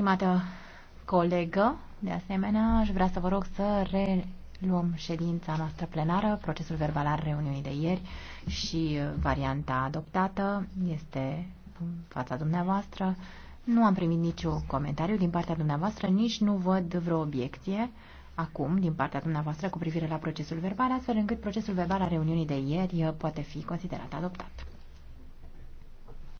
Stimată colegă, de asemenea, aș vrea să vă rog să reluăm ședința noastră plenară. Procesul verbal al reuniunii de ieri și uh, varianta adoptată este în fața dumneavoastră. Nu am primit niciun comentariu din partea dumneavoastră, nici nu văd vreo obiecție acum din partea dumneavoastră cu privire la procesul verbal, astfel încât procesul verbal al reuniunii de ieri uh, poate fi considerat adoptat.